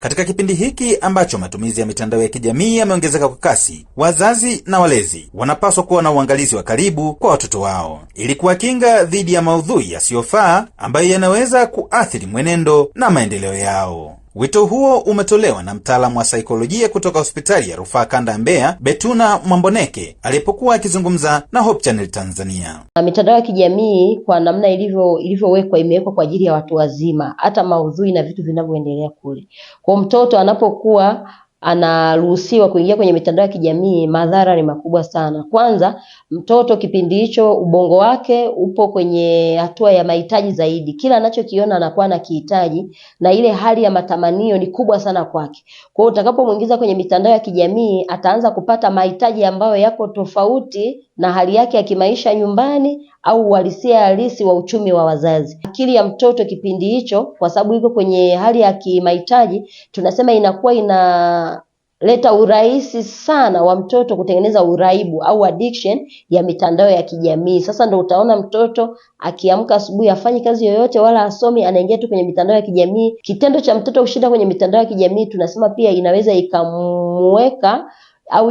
Katika kipindi hiki ambacho matumizi ya mitandao ya kijamii yameongezeka kwa kasi, wazazi na walezi wanapaswa kuwa na uangalizi wa karibu kwa watoto wao ili kuwakinga dhidi ya maudhui yasiyofaa ambayo yanaweza kuathiri mwenendo na maendeleo yao. Wito huo umetolewa na mtaalamu wa saikolojia kutoka hospitali ya rufaa kanda ya Mbeya, Betuna Mwamboneke, alipokuwa akizungumza na Hope Channel Tanzania. Na mitandao ya kijamii kwa namna ilivyo ilivyowekwa, imewekwa kwa ajili ya watu wazima, hata maudhui na vitu vinavyoendelea kule. Kwa mtoto anapokuwa anaruhusiwa kuingia kwenye mitandao ya kijamii, madhara ni makubwa sana. Kwanza, mtoto kipindi hicho ubongo wake upo kwenye hatua ya mahitaji zaidi, kila anachokiona anakuwa na kihitaji na ile hali ya matamanio ni kubwa sana kwake. Kwa hiyo utakapomwingiza kwenye mitandao ya kijamii, ataanza kupata mahitaji ambayo yako tofauti na hali yake ya kimaisha nyumbani au uhalisia halisi wa uchumi wa wazazi. Akili ya mtoto kipindi hicho, kwa sababu iko kwenye hali ya kimahitaji, tunasema inakuwa inaleta urahisi sana wa mtoto kutengeneza uraibu au addiction ya mitandao ya kijamii. Sasa ndo utaona mtoto akiamka asubuhi afanye kazi yoyote wala asomi, anaingia tu kwenye mitandao ya kijamii. Kitendo cha mtoto kushinda kwenye mitandao ya kijamii tunasema pia inaweza ikamweka au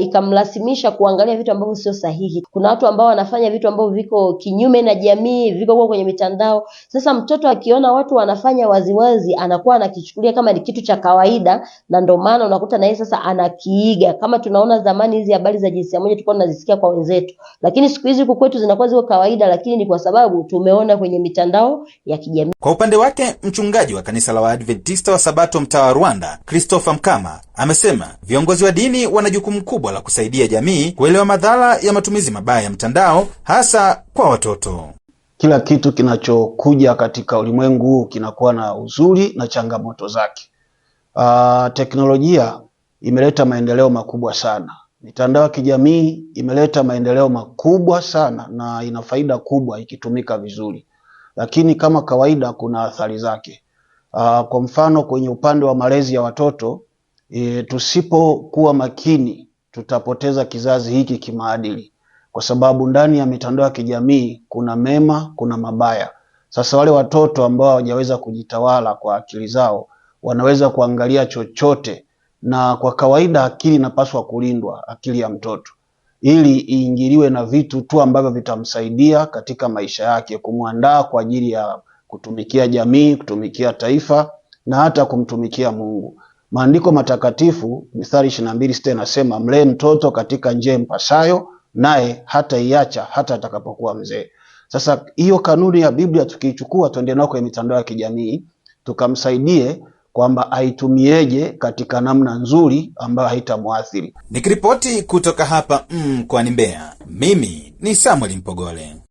ikamlazimisha kuangalia vitu ambavyo sio sahihi. Kuna watu ambao wanafanya vitu ambavyo viko kinyume na jamii, viko kwa kwenye mitandao. Sasa mtoto akiona watu wanafanya waziwazi, anakuwa anakichukulia kama ni kitu cha kawaida, na ndio maana unakuta na yeye sasa anakiiga. Kama tunaona zamani hizi habari za jinsia moja tulikuwa tunazisikia kwa wenzetu, lakini siku hizi huku kwetu zinakuwa ziko kawaida, lakini ni kwa sababu tumeona kwenye mitandao ya kijamii. Kwa upande wake mchungaji wa kanisa la Waadventista wa Sabato mtaa wa Rwanda, Christopher Mkama Amesema viongozi wa dini wana jukumu kubwa la kusaidia jamii kuelewa madhara ya matumizi mabaya ya mtandao hasa kwa watoto. Kila kitu kinachokuja katika ulimwengu huu kinakuwa na uzuri na changamoto zake. Uh, teknolojia imeleta maendeleo makubwa sana. Mitandao ya kijamii imeleta maendeleo makubwa sana na ina faida kubwa ikitumika vizuri, lakini kama kawaida kuna athari zake. Uh, kwa mfano kwenye upande wa malezi ya watoto e, tusipokuwa makini tutapoteza kizazi hiki kimaadili, kwa sababu ndani ya mitandao ya kijamii kuna mema, kuna mabaya. Sasa wale watoto ambao hawajaweza kujitawala kwa akili zao wanaweza kuangalia chochote, na kwa kawaida akili inapaswa kulindwa, akili ya mtoto ili iingiliwe na vitu tu ambavyo vitamsaidia katika maisha yake, kumwandaa kwa ajili ya kutumikia jamii, kutumikia taifa na hata kumtumikia Mungu. Maandiko matakatifu mstari 22 na inasema mlee mtoto katika njia mpasayo, naye hata iacha hata atakapokuwa mzee. Sasa hiyo kanuni ya Biblia tukiichukua, tuende nayo kwenye mitandao ya kijamii tukamsaidie kwamba aitumieje katika namna nzuri ambayo haitamwathiri. Nikiripoti kutoka hapa mkoani mm, Mbeya, mimi ni Samuel Mpogole.